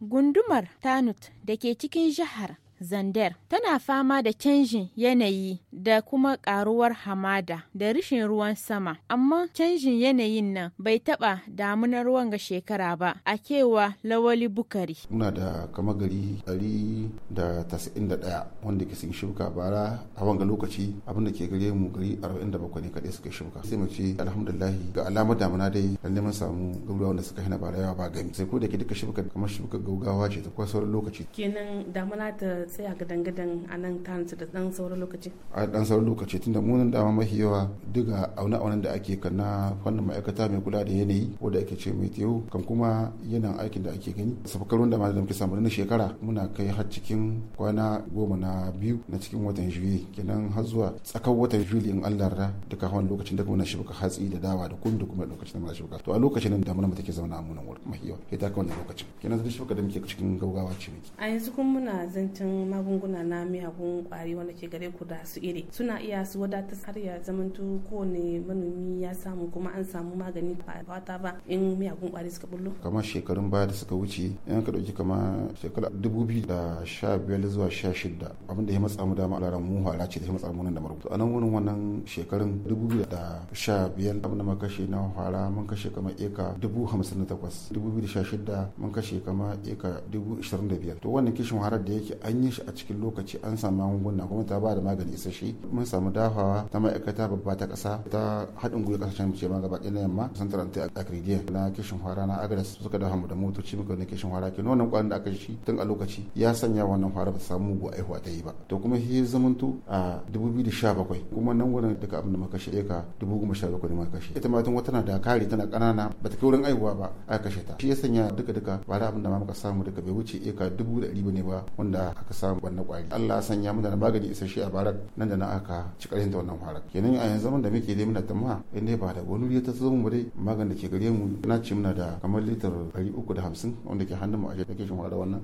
Gundumar Tanut da ke cikin jihar Zander tana fama da canjin yanayi da kuma karuwar hamada da rishin ruwan sama, amma canjin yanayin nan bai taba damunar ruwan ga shekara ba a kewa lawali bukari. Muna da kama gari 191 wanda ke sun shuka bara a wanga lokaci abin da ke gare mu gari 47 ne kaɗai suka shuka. Sai mu ce alhamdulillahi ga alamar damuna dai lalle neman samu garuruwa wanda suka hina bara yawa ba gami. Sai ko da ke duka shuka kamar shuka gaugawa ce ta kuma lokaci. Kenan damuna ta a gidan gidan a nan tanzu da dan sauran lokaci a dan sauran lokaci tunda mu nan dama mafi yawa duka auna aunen da ake kana na fannin ma'aikata mai kula da yanayi ko da ake ce meteo kan kuma yanayin aikin da ake gani safakarun da ma da muke samu na shekara muna kai har cikin kwana goma na biyu na cikin watan juye kenan har zuwa tsakar watan juli in allah ra duka hawan lokacin da muna shibuka hatsi da dawa da kun da kuma lokacin da muna shibuka to a lokacin nan damuna mu take zauna a munin wurin mafi yawa ita ka wannan lokacin kenan zai shibuka da muke cikin gaugawa ce a yanzu kuma muna zancen magunguna na miyagun kwari wanda ke gare ku da su iri suna iya su wadata har ya zamanto kowane manomi ya samu kuma an samu magani ba wata ba in miyagun kwari suka bullo kamar shekarun baya da suka wuce yan ka dauki kamar shekara dubu biyu da sha biyar zuwa sha shida abin da ya matsa mu dama alaran mu hala ce da ya matsa mu nan da marubuta anan wurin wannan shekarun dubu biyu da sha biyar abin da muka kashe na fara mun kashe kamar eka dubu hamsin da takwas dubu biyu da sha shida mun kashe kamar eka dubu ishirin da biyar to wannan kishin harar da yake an yi yi shi a cikin lokaci an samu magunguna kuma ta ba da magani isasshe mun samu dafawa ta ma'aikata babba ta ƙasa ta haɗin gwiwa ƙasashen mace ma gaba ɗaya na yamma santar ta akridiya na kishin fara na agres suka dafa mu da motoci muka na kishin fara ke nonon kwanan da aka shi tun a lokaci ya sanya wannan fara ba samu gu aihuwa ta yi ba to kuma shi zamanto a 2017 kuma nan wurin duka abin da muka kashe eka 2017 ne muka kashe ita ma tun wata na da kare tana ƙanana ba ta kai wurin aihuwa ba aka kashe ta shi ya sanya duka duka ba da abin da ma muka samu duka bai wuce eka 100 ne ba wanda aka samu wannan kwari Allah sanya mu da magani isasshe a barak nan da na aka ci karshen ta wannan farar kenan a yanzu zaman da muke dai muna tamma in dai ba da wani wuri ta zo mu dai maganin da ke gare mu na ce muna da kamar litar 350 wanda ke hannun mu a da ke da wannan